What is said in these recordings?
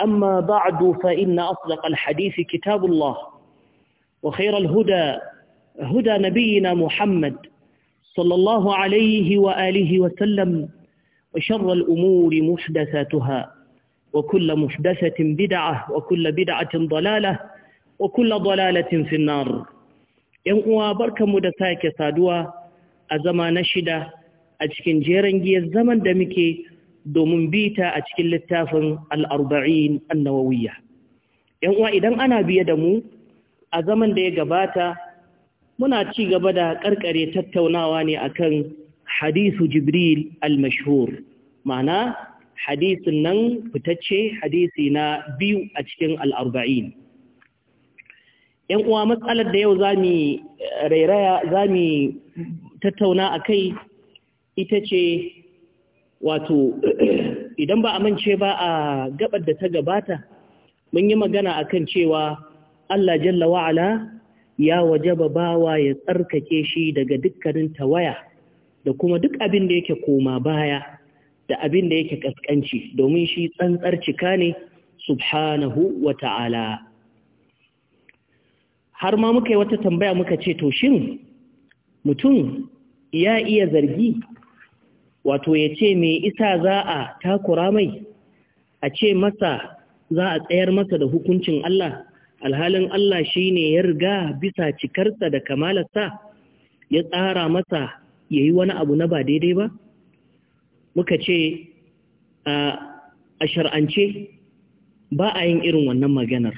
أما بعد فإن أصدق الحديث كتاب الله وخير الهدى هدى نبينا محمد صلى الله عليه وآله وسلم وشر الأمور محدثاتها وكل محدثة بدعة وكل بدعة ضلالة وكل ضلالة في النار ينقوى بركة مدساك سادوا أزمان شدة أجكن جيرنجي الزمن دمكي domin bita a cikin littafin al'arba'in annawawiya. yan'uwa idan ana biye da mu a zaman da ya gabata muna ci gaba da ƙarƙare tattaunawa ne akan hadisu jibril al-mashhur ma'ana hadisin nan fitacce hadisi na biyu a cikin al'arba'in. uwa matsalar da yau za mu rairaya za mu tattauna a kai ita ce wato idan ba a mance ba a gabar da ta gabata mun yi magana akan cewa Allah jalla wa'ala ya wajaba bawa ya tsarkake shi daga dukkanin tawaya da kuma duk abin da yake koma baya da abin da yake kaskanci domin shi tsantsar cika ne subhanahu wa ta'ala har ma muka yi wata tambaya muka ce to shin mutum ya iya zargi wato ya ce mai isa za a takura mai a ce masa za a tsayar masa da hukuncin Allah alhalin Allah shi ne ya riga bisa cikarsa da kamalarsa ya tsara masa ya yi wani abu na ba daidai ba? Muka ce a shar'ance ba a yin irin wannan maganar.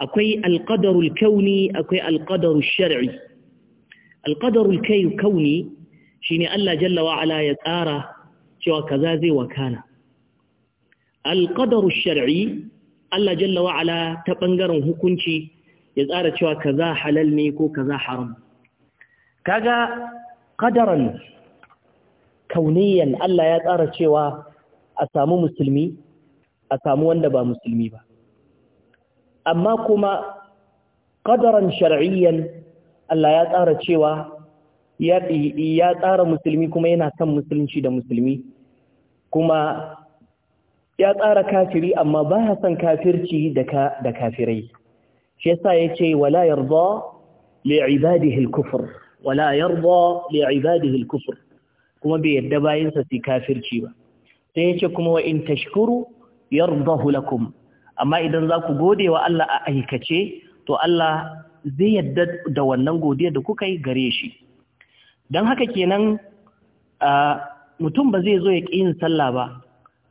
Akwai alƙadarul kauni akwai alƙadarul shari'i. Alƙadarul kauni shine Allah jalla wa ala ya tsara cewa kaza zai wakana alƙadaru shar'i Allah jalla wa ala ta ɓangaren hukunci ya tsara cewa kaza halal ne ko kaza haram kaga ƙadaran kauniyan Allah ya tsara cewa a samu musulmi a samu wanda ba musulmi ba amma kuma ƙadaran shar'iyyan Allah ya tsara cewa ya tsara musulmi kuma yana son musulunci da musulmi kuma ya tsara kafiri amma ba ya son kafirci da kafirai shi yasa ya ce wala yarda li'ibadihi al-kufr wala yarda li'ibadihi al-kufr kuma bai yadda bayansa su kafirci ba sai ya ce kuma wa in tashkuru yardahu lakum amma idan za ku gode wa Allah a aikace to Allah zai yadda da wannan godiya da kuka yi gare shi don haka kenan mutum ba zai zo ya ƙi yin sallah ba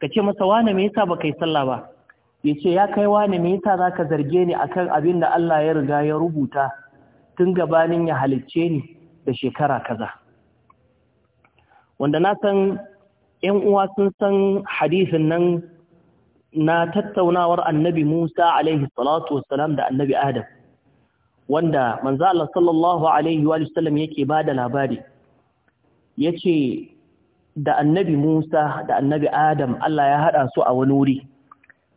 ka ce masa wane me yasa ba kai sallah ba ya ce ya kai wane me yasa za ka zarge ni akan abin da Allah ya riga ya rubuta tun gabanin ya halicce ni da shekara kaza wanda na san ‘yan uwa sun san hadisin nan na tattaunawar annabi Musa alaihi salatu wassalam da annabi Adam wanda manzo Allah sallallahu alaihi wa sallam yake bada labari yace da annabi Musa da annabi Adam Allah ya hada su a wani wuri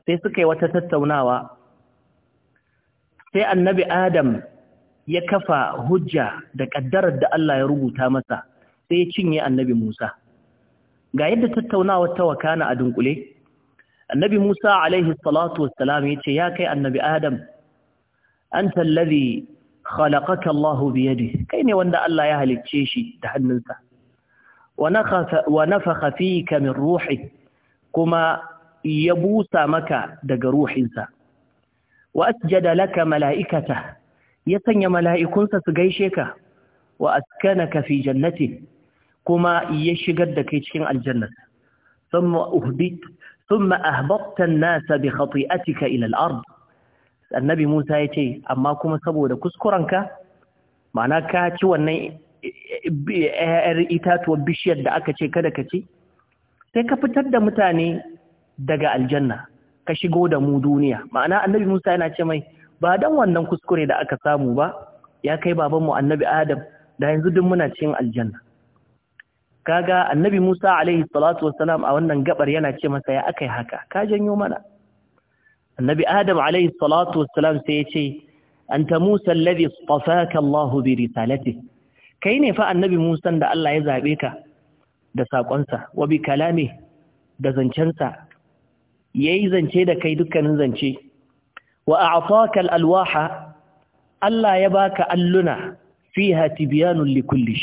sai suka yi wata tattaunawa sai annabi Adam ya kafa hujja da kaddarar da Allah ya rubuta masa sai ya cinye annabi Musa ga yadda tattaunawar ta wakana a dunkule annabi Musa alaihi salatu wassalam yace ya kai annabi Adam anta alladhi khalaqaka Allahu bi yadihi kai ne wanda Allah ya halicce shi da hannunsa wa nafakha fika min ruhi kuma ya busa maka daga ruhinsa wa asjada laka mala'ikata ya sanya mala'ikunsa su gaishe ka wa askanaka fi jannati kuma ya shigar da kai cikin aljannata thumma uhbit thumma ahbatta an-nasa bi khati'atika ila al annabi Musa ya ce amma kuma saboda kuskurenka ma'ana ka ci wannan ‘yar itatuwar bishiyar da aka ce kada ka ci sai ka fitar da mutane daga aljanna ka shigo da mu duniya ma'ana annabi Musa yana ce mai ba don wannan kuskure da aka samu ba ya kai babanmu annabi Adam da yanzu duk muna cikin aljanna kaga annabi Musa a wannan gabar yana ce masa ya aka yi haka ka janyo mana annabi adam alaihi salatu wassalam sai ya ce anta musa alladhi istafaka Allah bi risalati kai ne fa annabi musa da Allah ya zaɓe ka da saƙonsa. wa bi da zancensa yayi zance da kai dukkanin zance wa a'taka alwaha Allah ya baka alluna fiha tibyanun li kulli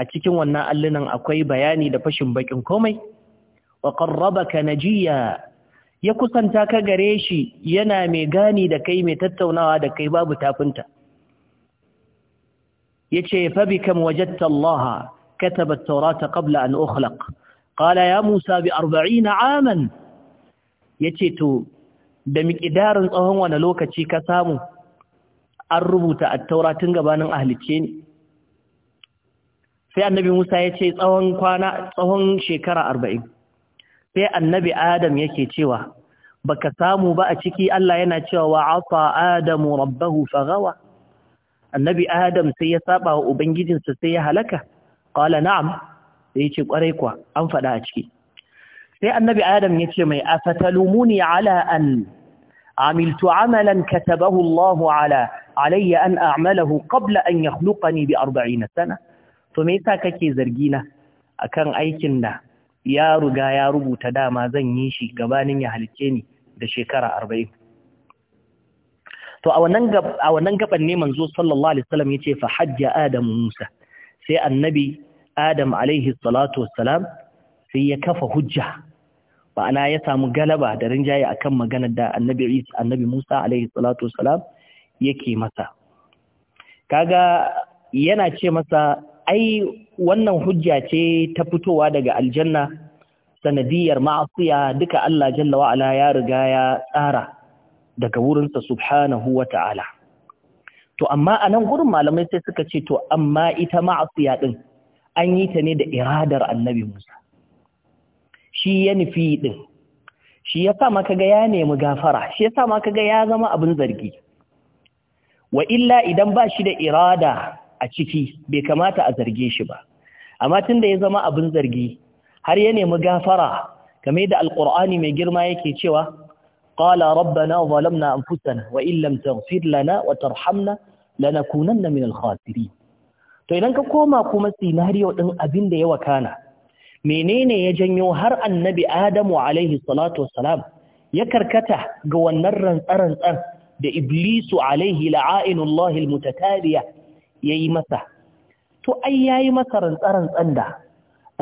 a cikin wannan allunan akwai bayani da fashin bakin komai wa na jiya. ya kusanta ka gare shi yana mai gani da kai mai tattaunawa da kai babu tafinta yace fa bikam wajadta Allah kataba at-taurata qabla an ukhlaq qala ya Musa bi 40 aman yace to da miƙidarin tsawon wani lokaci ka samu an rubuta at-taura tun gabanin ahlice ne sai annabi Musa yace tsawon kwana tsawon shekara 40 sai annabi adam yake cewa baka samu ba a ciki Allah yana cewa wa afa adamu rabbahu faghawa annabi adam sai ya saba wa ubangijinsa sai ya halaka qala na'am sai yace kwarai kwa an fada a ciki sai annabi adam yace mai afatalumuni ala an amiltu amalan katabahu Allah ala alayya an a'malahu qabla an yakhluqani bi 40 sana to me yasa kake zargina akan aikin da ya ruga ya rubuta dama zan yi shi gabanin ya halicce ni da shekara arba'in to a wannan gaban ne manzo sallallahu alaihi wasallam ce fa hajja adamu musa sai annabi adam alaihi salatu wasalam sai ya kafa hujja ma'ana ya samu galaba da rinjaye a kan maganar da annabi isa annabi musa alaihi salatu wasalam yake masa kaga yana ce masa ai wannan hujja ce ta fitowa daga aljanna sanadiyar ma'asiya duka Allah jalla wa'ala ya riga ya tsara daga wurinsa subhanahu wa ta'ala. To, amma a nan gurin malamai sai suka ce, to, amma ita ma'asiya ɗin an yi ta ne da iradar annabi Musa. Shi ya nufi ɗin, shi ya sa maka ga ya nemi gafara, shi ya sa maka ga ya zama abin zargi. Wa illa idan ba shi da irada a ciki bai kamata a zarge shi ba amma tun da ya zama abin zargi har ya nemi gafara game da Alƙur'ani mai girma yake cewa qala rabbana zalamna anfusana wa in lam taghfir lana wa tarhamna lanakunanna min al-khasirin to idan ka koma kuma scenario din abin da ya wakana menene ya janyo har annabi adamu alaihi salatu wassalam ya karkata ga wannan rantsarantsan da iblisu alaihi la'ainullahi almutataliya ya yi masa to ai ya yi masa rantsarantsan da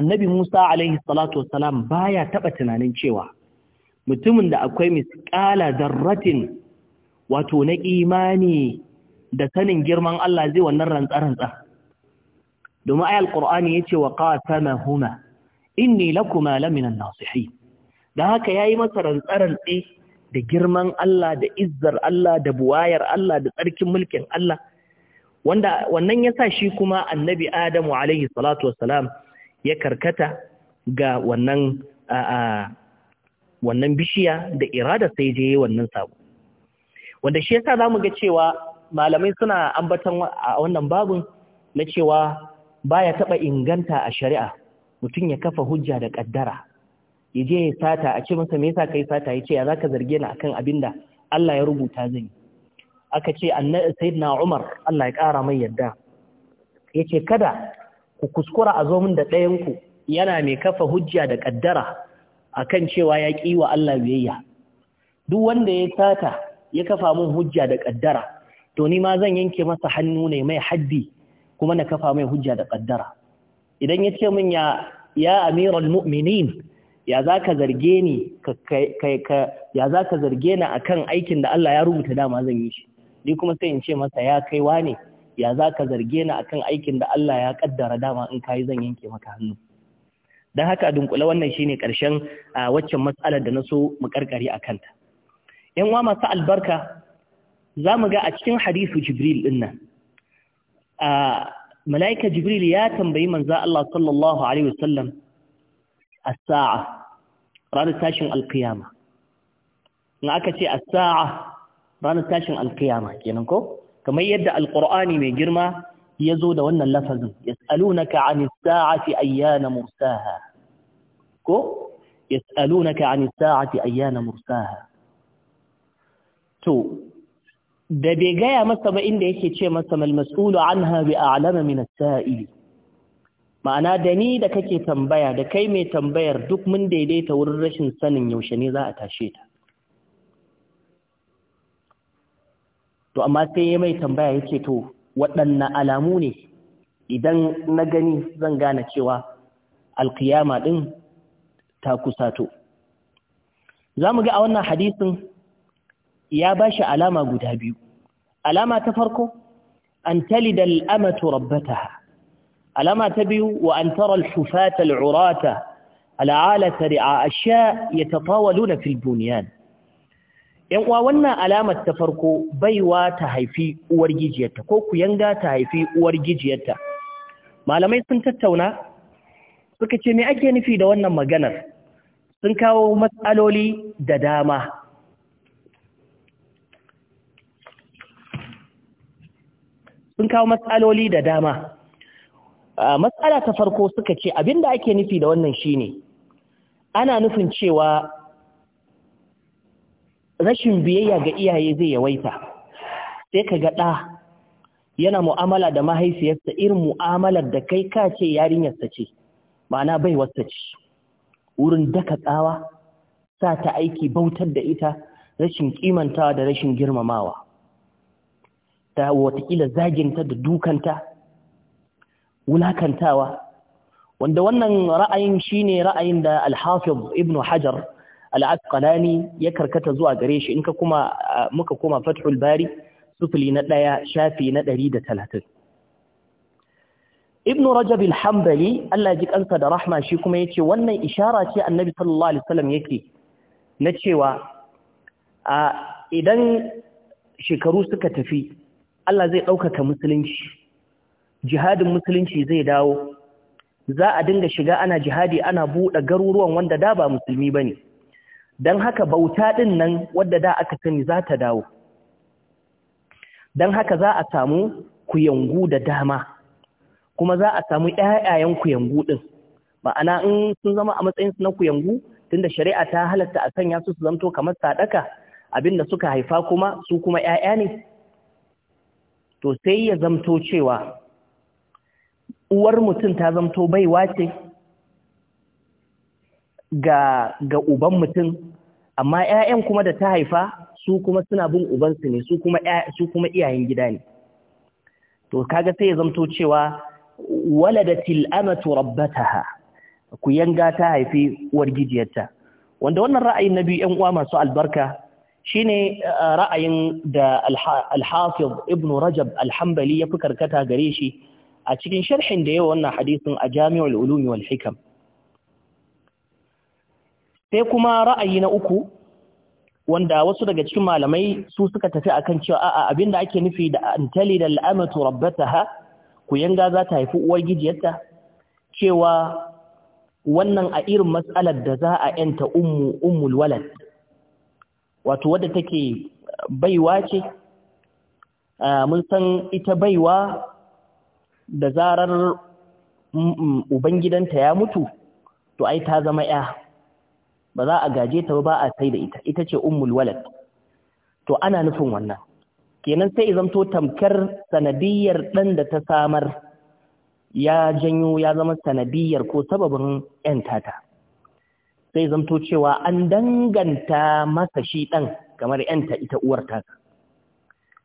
annabi musa alaihi salatu wasalam baya taɓa tunanin cewa mutumin da akwai misƙala zarratin wato na imani da sanin girman Allah zai wannan rantsarantsa domin ayal ce yace wa qatamahuma inni lakuma laminan nasihin dan haka yayi masa rantsarantsi da girman Allah da izzar Allah da buwayar Allah da tsarkin mulkin Allah wanda wannan ya sa shi kuma annabi Adamu alaihi salatu wasalam ya karkata ga wannan wannan bishiya da irada sai je wannan sabo wanda shi yasa zamu ga cewa malamai suna ambatan a wannan babun na cewa baya taba inganta a shari'a mutum ya kafa hujja da kaddara je ya sata a ce masa me yasa kai sata Ya yace ya zaka zarge ni akan abinda Allah ya rubuta zan yi aka ce sayyidina Umar Allah ya kara mai yadda yace kada ku kuskura a zo min da ɗayan ku yana mai kafa hujja da ƙaddara akan cewa ya ƙi wa Allah biyayya duk wanda ya tata ya kafa min hujja da ƙaddara to ni ma zan yanke masa hannu ne mai haddi kuma na kafa mai hujja da kaddara idan ya ce min ya ya amiral mu'minin ya za ka zarge ni ya za ka zarge ni akan aikin da Allah ya rubuta dama zan yi shi ni kuma sai in ce masa ya kai ne, ya za ka zarge ni akan aikin da Allah ya kaddara dama in kayi zan yanke maka hannu don haka dunkule wannan shine karshen waccan matsalar da na so mu karkari a kanta yan uwa masu albarka za mu ga a cikin hadisu jibril din nan mala'ika jibril ya tambayi manzo Allah sallallahu alaihi wasallam as-sa'a ranar tashin alqiyama in aka ce as-sa'a ranar tashin alkiyama kenan ko kamar yadda alqur'ani mai girma ya zo da wannan lafazin yas'alunaka 'anis sa'ati ayyana mursaha ko yas'alunaka 'anis sa'ati ayyana mursaha to da bai gaya masa ba inda yake ce masa mal mas'ulu anha bi a'lama min as-sa'il ma'ana da ni da kake tambaya da kai mai tambayar duk mun daidaita wurin rashin sanin yaushe ne za a tashe ta to amma sai ya mai tambaya ya to waɗanne alamu ne idan na gani zan gane cewa alkiyama din ta kusato za mu ga a wannan hadisin ya ba shi alama guda biyu alama ta farko an talida al'amatu rabbataha alama ta biyu wa an tara al-hufata al-urata al'alata ri'a asha yatatawaluna fil bunyan ‘yan uwa wannan alamar ta farko baiwa ta haifi uwar gijiyarta ko kuyanga ta haifi uwar gijiyarta malamai sun tattauna suka ce me ake nufi da wannan maganar sun kawo matsaloli da dama sun kawo matsaloli da dama matsala ta farko suka ce abinda ake nufi da wannan shine ana nufin cewa rashin biyayya ga iyaye zai yawaita sai ka ga ɗa yana mu'amala da mahaifiyarsa irin mu'amalar da kai ka ce yarinyarsa ce ma'ana bai wasta ce wurin daka tsawa sa ta aiki bautar da ita rashin kimantawa da rashin girmamawa ta watakila zaginta da dukanta wulakantawa wanda wannan ra'ayin shine ra'ayin da alhafiz ibnu Hajar al ya karkata zuwa gare shi in ka kuma muka koma fathul bari sufli na ɗaya shafi na ɗari da talatin ibnu rajab al hambali Allah ji kansa da rahma shi kuma yace wannan ishara ce annabi sallallahu alaihi wasallam yake na cewa a idan shekaru suka tafi Allah zai ɗaukaka musulunci jihadin musulunci zai dawo za a dinga shiga ana jihadi ana buɗe garuruwan wanda da ba musulmi bane don haka bauta ɗin nan wadda da aka sani za ta dawo don haka za a samu kuyangu da dama kuma za a samu ‘ya'yayen kuyangu ɗin ma'ana in sun zama a matsayinsu na kuyangu tunda shari'a ta halatta a sanya su su zamto kamar sadaka abinda suka haifa kuma su kuma ‘ya'ya ne to sai ya zamto cewa uwar mutum ta zamto baiwa ce ga ga uban mutum amma 'ya'yan kuma da ta haifa su kuma suna bin ubansu ne su kuma kuma iyayen gida ne to kaga sai ya zamto cewa waladatil amatu rabbataha ku yanga ta haifi uwargijiyarta wanda wannan ra'ayin na biyu 'yan uwa masu albarka shine uh, ra'ayin da al-hafiz ibn rajab Alhambali hanbali ya fi karkata gare shi a cikin sharhin da yawa wannan hadisin a jami'ul ulumi wal hikam sai kuma ra'ayi na uku wanda wasu daga cikin malamai su suka tafi akan cewa a'a da ake nufi da antali da al'amatu rabbataha ku yanga za ta haifi uwar gijiyarta cewa wannan a irin matsalar da za a yanta ummu ummul walad wato wadda take baiwa ce mun san ita baiwa da zarar mm, mm, ubangidanta ya mutu to ai ta zama ya ba za a gaje ta ba a sai da ita ita ce ummul walad to ana nufin wannan kenan sai zamto tamkar sanadiyar dan da ta samar ya janyo ya zama sanadiyar ko sababin ‘yan tata sai zamto cewa an danganta masa shi dan kamar ‘yanta ita uwar ta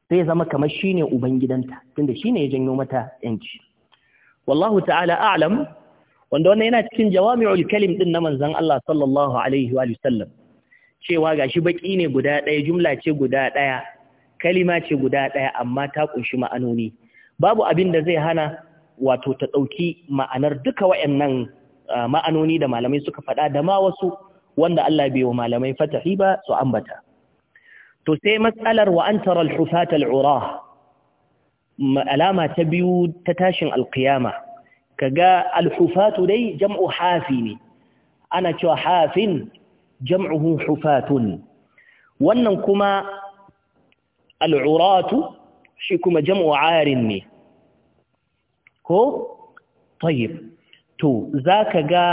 sai zama kamar shine ubangidanta tunda shine ya janyo mata ‘yanci wallahu ta'ala a'lam wanda wannan yana cikin jawami'ul kalim din na manzon Allah sallallahu alaihi wa sallam cewa gashi baki ne guda ɗaya jumla ce guda ɗaya kalima ce guda ɗaya amma ta kunshi ma'anoni babu abin da zai hana wato ta ɗauki ma'anar duka wayannan ma'anoni da malamai suka faɗa da ma wasu wanda Allah bai wa malamai fatahi ba su ambata to sai matsalar wa antara al-hufata al-urah alama ta biyu ta tashin alkiyama kaga alhufatu dai jam'u hafi ne ana cewa hafin jam'uhu hufatun wannan kuma al'uratu shi kuma jam'u arin ne ko tayyib to zaka ga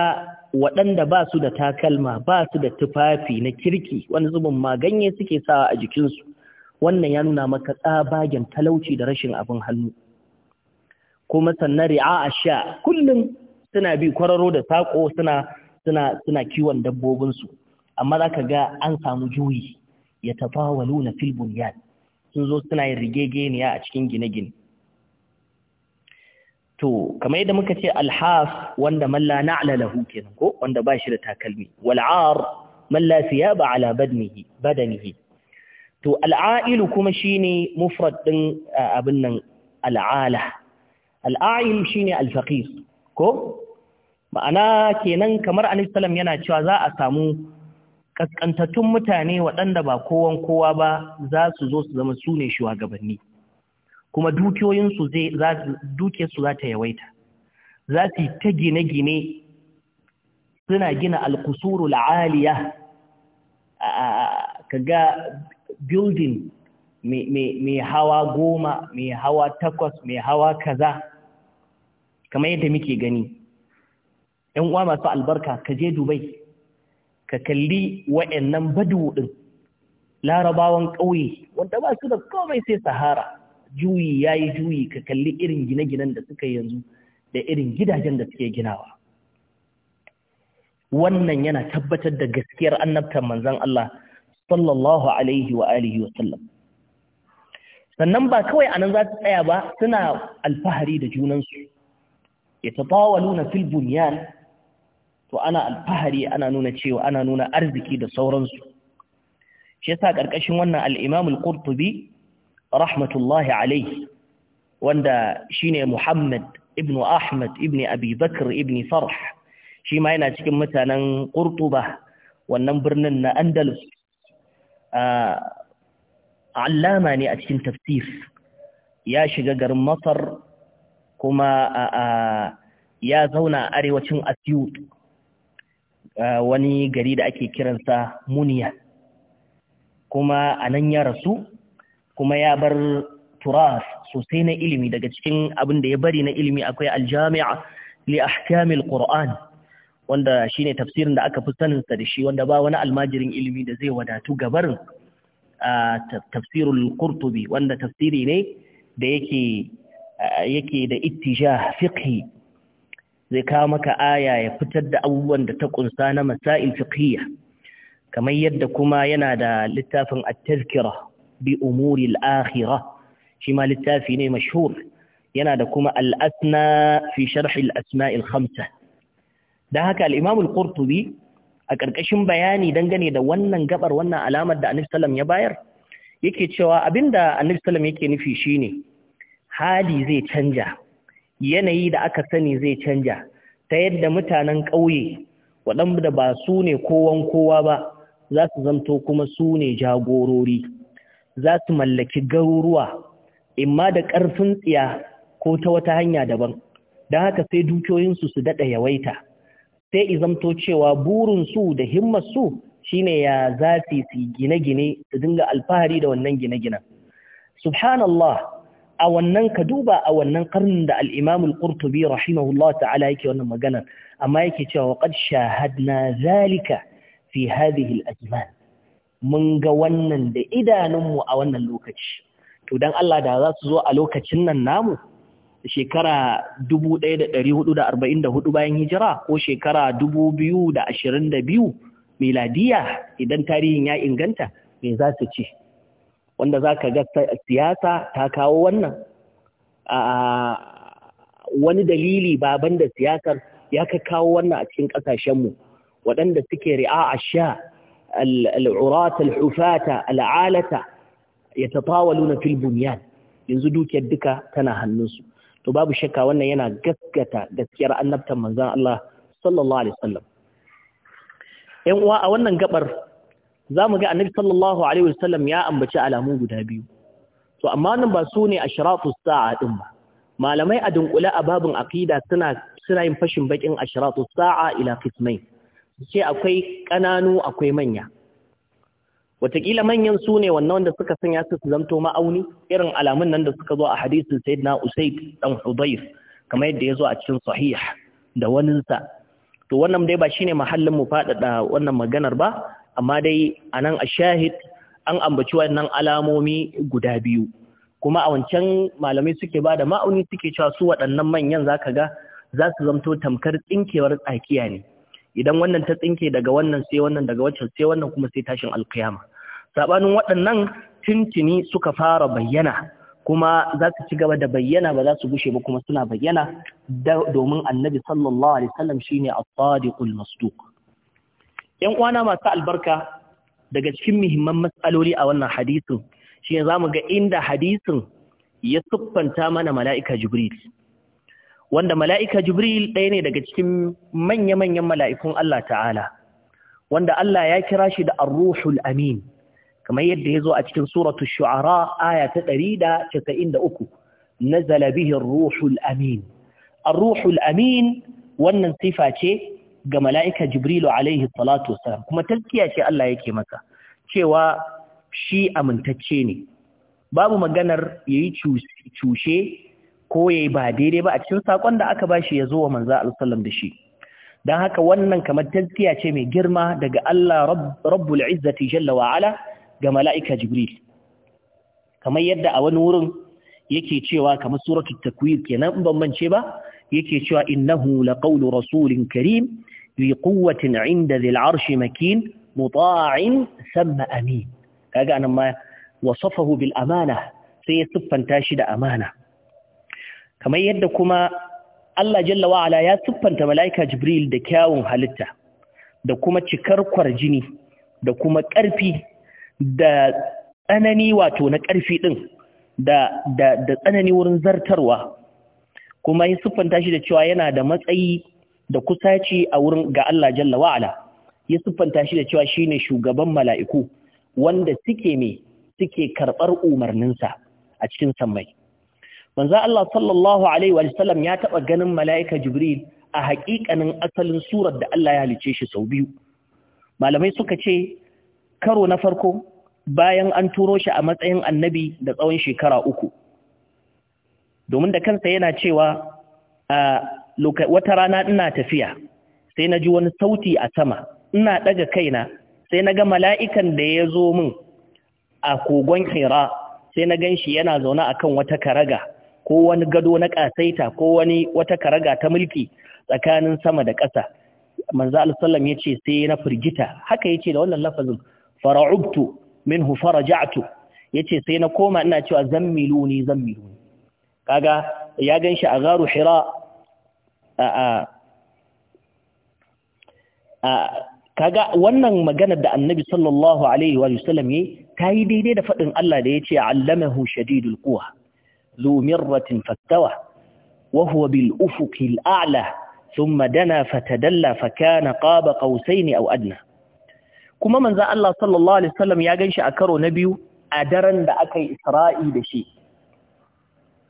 waɗanda ba su da takalma ba su da tufafi na kirki wani zubin ma suke sawa a jikinsu wannan ya nuna maka tsabagen talauci da rashin abin hannu kuma sannan ri'a a sha kullum suna bi kwararo da saƙo suna suna suna kiwon dabbobinsu amma za ka ga an samu juyi ya tafawalu na fil sun zo suna yin rigegeniya a cikin gine-gine to kamar yadda muka ce alhaf wanda malla na'la lahu kenan ko wanda ba shi da takalmi wal'ar malla ba ala badanihi badanihi to al'ailu kuma shine mufrad din abin nan al'ala al'ayil shine al-faqir ko ma'ana kenan kamar Anisalam yana cewa za a samu ƙasƙantattun mutane waɗanda ba kowan kowa ba za su zo su zama su ne shugabanni kuma dukiyoyinsu za ta yawaita za su ta gine-gine suna gina la’aliya a kaga building mai hawa goma mai hawa takwas mai hawa kaza kamar yadda muke gani ‘yan uwa masu albarka ka je dubai ka kalli wa'yannan badu ɗin larabawan ƙauye wanda ba su da komai sai sahara juyi ya yi juyi ka kalli irin gine-ginen da suka yanzu da irin gidajen da suke ginawa wannan yana tabbatar da gaskiyar annabtar manzan Allah sallallahu alaihi wa alihi wa sallam sannan ba kawai anan za su tsaya ba suna alfahari da junansu ya yatatawaluna fil bunyan to ana alfahari ana nuna cewa ana nuna arziki da sauransu shi yasa karkashin wannan al-Imam al-Qurtubi rahmatullahi alayhi wanda shine Muhammad ibnu Ahmad ibni Abi Bakr ibn Farh shi ma yana cikin mutanen Qurtuba wannan birnin na Andalus allama ne a cikin tafsir ya shiga garin Masar kuma ya zauna a arewacin asiyut wani gari da ake kiransa muniya kuma a nan ya rasu kuma ya bar turas sosai na ilimi daga cikin abin da ya bari na ilimi akwai aljami'a li ahkamil qur'an wanda shine tafsirin da aka fi sanin sa da shi wanda ba wani almajirin ilimi da zai wadatu gabarin tafsirul qurtubi wanda tafsiri ne da yake yake da ittijah fiqhi zai kawo maka aya ya fitar da abubuwan da ta kunsa na masail fiqhiyya kamar yadda kuma yana da littafin at-tazkira bi umuri al-akhirah shi ma littafi ne mashhur yana da kuma al-asna fi sharh al-asma' al-khamsa dan haka al-imam al-qurtubi a ƙarƙashin bayani dangane da wannan gabar wannan alamar da annabi sallam ya bayar yake cewa abinda annabi sallam yake nufi shine hali zai canja yanayi da aka sani zai canja ta yadda mutanen ƙauye waɗanda ba su ne kowan kowa ba za su zanto kuma su ne jagorori za su mallaki garuruwa imma da ƙarfin tsiya ko ta wata hanya daban don haka sai dukiyoyinsu su daɗa yawaita sai izamto cewa burinsu da himmarsu shine ya za su yi gine-gine su dinga alfahari da wannan gine-ginen subhanallah a wannan ka duba a wannan karnin da al'imamul ƙurtubi rahimahullah ta'ala yake wannan maganar amma yake cewa waƙad shahadna zalika fi hadhihi al'ajiman mun ga wannan da idanunmu a wannan lokaci to don Allah da za su zo a lokacin nan namu shekara 1444 bayan hijira ko shekara 2022 miladiya idan tarihin ya inganta me za su ce wanda za ka ga siyasa ta kawo wannan wani dalili baban da siyasar ya ka kawo wannan a cikin ƙasashenmu waɗanda suke ri'a a sha al'urata al'ufata al'alata ya tafawalu na filbuniyan yanzu dukiyar duka tana hannunsu to babu shakka wannan yana gaskata gaskiyar annabtan manzan Allah sallallahu alaihi wasallam ‘yan uwa a wannan gabar za mu ga annabi sallallahu alaihi wasallam ya ambaci alamu guda biyu to amma nan ba su ne ashratu sa'a din ba malamai a dunkule a babin aqida suna suna yin fashin bakin ashratu sa'a ila qismain sai akwai kananu akwai manya Wataƙila manyan su ne wannan wanda suka sanya su su zamto ma'auni irin alamun nan da suka zo a hadisin sayyidina Usayd dan Hudayr kamar yadda ya zo a cikin sahih da waninsa to wannan dai ba shine mahallin mu faɗaɗa wannan maganar ba amma dai a nan a shahid an ambaci wannan alamomi guda biyu kuma a wancan malamai suke ba da ma'auni suke cewa su waɗannan manyan za ka ga za su zamto tamkar tsinkewar tsakiya ne idan wannan ta tsinke daga wannan sai wannan daga waccan sai wannan kuma sai tashin alkiyama sabanin waɗannan tintini suka fara bayyana kuma za su ci gaba da bayyana ba za su gushe ba kuma suna bayyana domin annabi sallallahu alaihi wasallam shine as-sadiqul masduq ‘yan uwana masu albarka daga cikin muhimman matsaloli a wannan hadisin shi ne za mu ga inda hadisin ya siffanta mana mala'ika Jibril. Wanda mala'ika Jibril ɗaya ne daga cikin manya-manyan mala'ikun Allah ta'ala, wanda Allah ya kira shi da arruhul Amin, kamar yadda ya zo a cikin suratu Shu'ara aya ta ɗari da casa'in da uku, na zalabihin Ruhul Amin. ar Amin wannan sifa ce ga mala'ika Jibrilu alaihi salatu wassalam kuma taskiya ce Allah yake masa cewa shi amintacce ne babu maganar yayi cushe ko yayi ba daidai ba a cikin sakon da aka bashi ya zo wa manza sallallahu da shi dan haka wannan kamar taskiya ce mai girma daga Allah rabbul izzati jalla wa ga mala'ika Jibril kamar yadda a wani wurin yake cewa kamar suratul takwir kenan in ban mance ba yake cewa innahu laqawlu rasulin karim fi quwwatin inda dhil arshi makin muta'in samma amin kaga anan ma wasafahu bil amana sai ya siffanta shi da amana kamar yadda kuma Allah jalla wa ya siffanta mala'ika Jibril da kyawun halitta da kuma cikar kwarjini da kuma ƙarfi da tsanani wato na ƙarfi ɗin, da tsanani wurin zartarwa kuma ya siffanta shi da cewa yana da matsayi da kusaci a wurin ga Allah jalla wa'ala ya siffanta shi da cewa shi ne shugaban mala'iku wanda suke me suke karɓar umarninsa a cikin sammai manzo Allah sallallahu alaihi wa sallam ya taɓa ganin mala'ika Jibril a haƙiƙanin asalin surar da Allah ya halice shi sau biyu malamai suka ce karo na farko bayan an turo shi a matsayin annabi da tsawon shekara uku domin da kansa yana cewa a. Ah, wata rana ina tafiya sai na ji wani sauti a sama ina ɗaga kaina sai na ga mala'ikan da ya zo min a kogon hira sai na gan shi yana zaune a kan wata karaga ko wani gado na ƙasaita ko wani wata karaga ta mulki tsakanin sama da ƙasa manzo alisallam ya ce sai na firgita haka ya ce da wannan lafazin fara'ubtu minhu faraja'tu ya ce sai na koma ina cewa zammiluni zammiluni kaga ya gan shi a garu hira kaga wannan magana da annabi sallallahu alaihi wa sallam yi kai yi daidai da fadin Allah da yace allamahu shadidul quwa zu mirratin fastawa wa huwa bil ufuqil a'la thumma dana fatadalla fa kana qaba qausaini aw adna kuma manzo Allah sallallahu alaihi wasallam ya ganshi a karo na biyu a daren da akai Isra'i da shi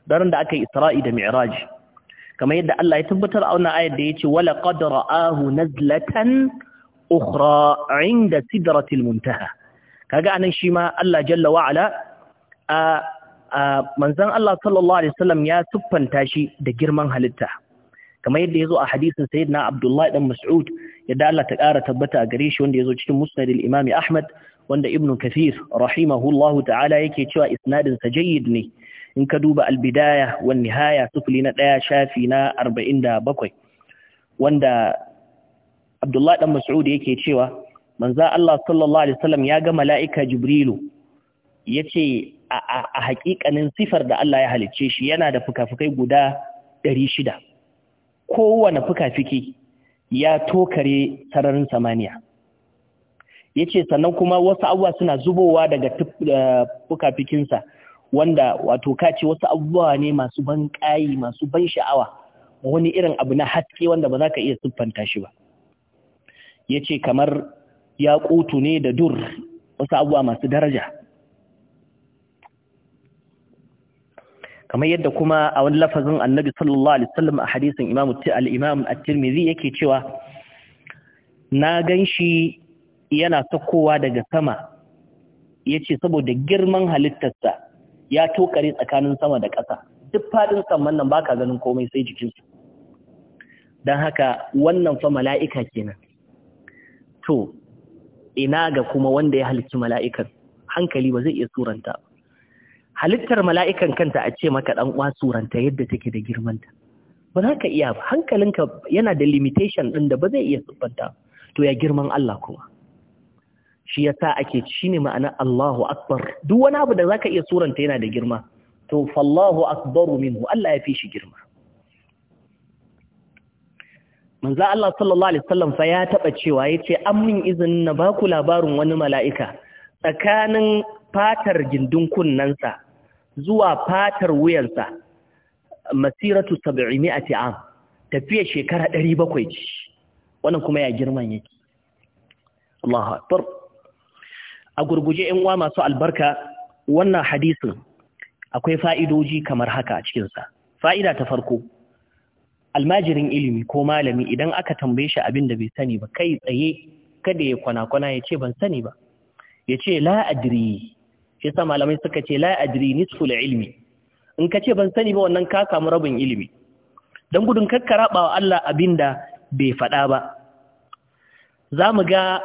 daren da akai Isra'i da Mi'raj kamar yadda Allah ya tabbatar a wannan ayar da ya ce wala qad ra'ahu nazlatan ukhra 'inda sidratil muntaha kaga anan shi ma Allah jalla wa ala a manzon Allah sallallahu alaihi wasallam ya siffanta shi da girman halitta kamar yadda yazo a hadisin sayyidina Abdullah ibn Mas'ud yadda Allah ta ƙara tabbata a gare shi wanda yazo cikin Musnad al-Imam Ahmad wanda Ibn Kathir rahimahullahu ta'ala yake cewa isnadin sa jayyid ne in ka duba albidaya wani nihaya sufuli na ɗaya shafi na arba'in da bakwai wanda abdullahi ɗan mas'ud yake cewa manza Allah sallallahu alaihi wasallam ya ga mala'ika jibrilu yace a haƙiƙanin sifar da Allah ya halicce shi yana da fukafukai guda ɗari shida. kowane fuka fuki ya tokare sararin samaniya ya ce sannan kuma wasu abuwa suna zubowa daga eh, fuka wanda wato ka ce wasu abubuwa ne masu ban ƙayi masu ban sha'awa wani irin abu na haske wanda ba za ka iya siffanta shi ba ya ce kamar ya ƙutu ne da dur wasu abubuwa masu daraja kamar yadda kuma a wani lafazin annabi sallallahu alaihi wasallam a hadisin imamu al-imam at-tirmidhi yake cewa na ganshi yana sakowa daga sama yace saboda girman halittarsa ya tokare tsakanin sama da ƙasa duk faɗin saman nan baka ganin komai sai jikinsu don haka wannan fa mala'ika kenan to ina ga kuma wanda ya halicci mala'ikan hankali ba zai iya suranta halittar mala'ikan kanta a ce maka ɗan uwa suranta yadda take da girmanta ba za ka iya hankalinka yana da limitation ɗin da ba zai iya to ya girman Allah kuma shi ya yasa ake ne ma'ana Allahu akbar duk wani abu da za ka iya suranta yana da girma to fallahu akbaru minhu Allah ya fi shi girma Manza Allah sallallahu alaihi sallam fa ya taɓa cewa ya ce an min izinin na ba ku labarin wani mala'ika tsakanin fatar gindin kunnansa zuwa fatar wuyansa masiratu 700 am tafiya shekara ɗari bakwai ce wannan kuma ya girman yake Allahu akbar a gurguje ‘yan uwa masu albarka wannan hadisin akwai fa'idoji kamar haka a cikinsa. Fa'ida ta farko, almajirin ilimi ko malami idan aka tambaye shi abin da bai sani ba kai tsaye kada ya kwana-kwana ya ce ban sani ba. Ya ce la'adiri, shi sa malamai suka ce la'adiri nisful ilimi. In ka ce ban sani ba wannan ka samu rabin ilimi. Don gudun kakkara wa Allah abin da bai faɗa ba. Za mu ga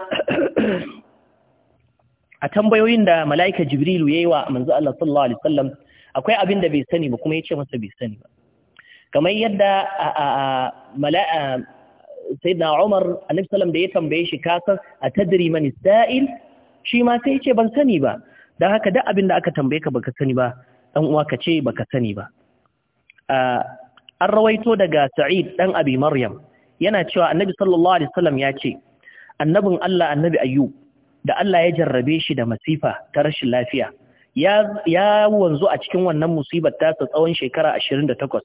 a tambayoyin da mala'ika jibrilu yayi wa manzo Allah sallallahu alaihi wasallam akwai abin da bai sani ba kuma yace masa bai sani ba kamar yadda mala'a sayyidina Umar annabi sallam da ya tambaye shi kasar a man sa'il shi ma sai yace ban sani ba dan haka duk abin da aka tambaye ka baka sani ba dan uwa ka ce baka sani ba an rawaito daga Sa'id dan Abi Maryam yana cewa annabi sallallahu alaihi wasallam ya ce annabin Allah annabi Ayyub da Allah ya jarrabe shi da masifa ta rashin lafiya ya wanzu a cikin wannan musibar tasa tsawon shekara ashirin da 28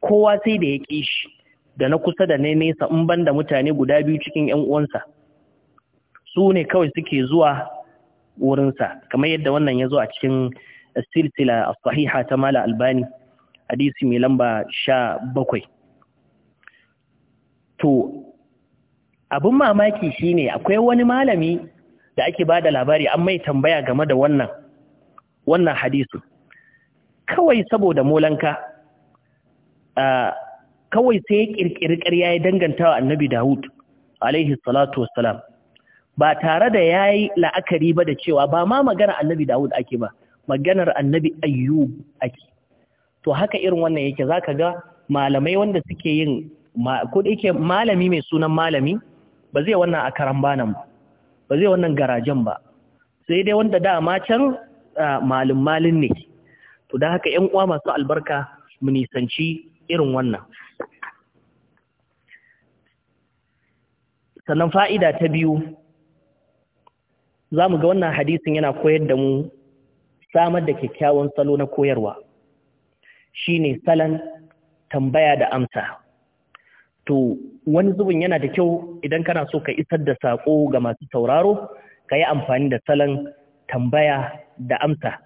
kowa sai da ya ƙi shi da na kusa da na nesa in ban da mutane guda biyu cikin 'yan uwansa su ne kawai suke zuwa wurinsa kamar yadda wannan ya zo a cikin silsila a sahiha ta mala albani hadisi mai lamba sha bakwai to abin mamaki shine akwai wani malami da ake ba da labari an mai tambaya game da wannan wannan hadisu kawai saboda molanka kawai sai ya ƙarya ya danganta wa annabi Dawud alaihi salatu wassalam ba tare da ya yi la'akari ba da cewa ba ma magana annabi Dawud ake ba maganar annabi ayyub ake to haka irin wannan yake za ka ga malamai wanda suke yin ko da yake malami mai sunan malami ba zai wannan a karan banan ba ba zai wannan garajen ba sai dai wanda dama can malin malin ne to da haka yan uwa masu albarka mu nisanci irin wannan sannan fa'ida ta biyu za mu ga wannan hadisin yana koyar da mu samar da kyakkyawan salo na koyarwa shi ne salon tambaya da amsa to wani zubin yana da kyau idan kana so ka isar da saƙo ga masu sauraro ka yi amfani da salon tambaya da amsa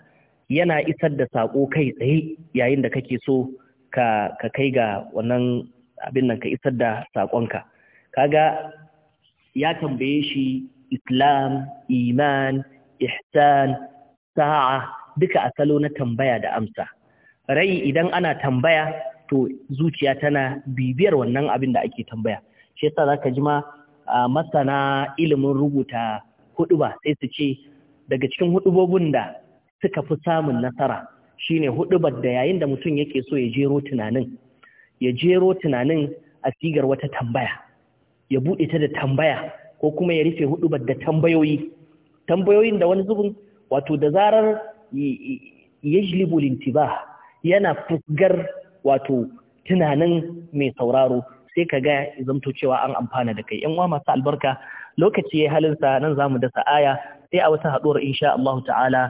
yana isar da saƙo kai tsaye yayin da kake so ka kai ga wannan abin nan ka isar da saƙonka kaga ya tambaye shi islam iman ihsan sa'a duka a salo na tambaya da amsa rai idan ana tambaya to zuciya tana bibiyar wannan abin da ake tambaya shi yasa zaka ji ma masana ilimin rubuta huduba sai su ce daga cikin hudubobin da suka fi samun nasara shine hudubar da yayin da mutum yake so ya jero tunanin ya jero tunanin a sigar wata tambaya ya buɗe ta da tambaya ko kuma ya rufe hudubar da tambayoyi tambayoyin da wani zubin wato da zarar yajlibu lintiba yana fusgar wato tunanin mai sauraro sai ka ga zamto cewa an amfana da kai yan uwa masu albarka lokaci ya halinsa nan zamu dasa aya sai a wata haduwar insha Allah ta'ala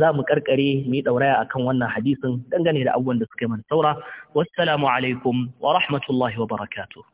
zamu karkare mu yi dauraya akan wannan hadisin dangane da abubuwan da suka mana saura wassalamu alaikum wa rahmatullahi wa barakatuh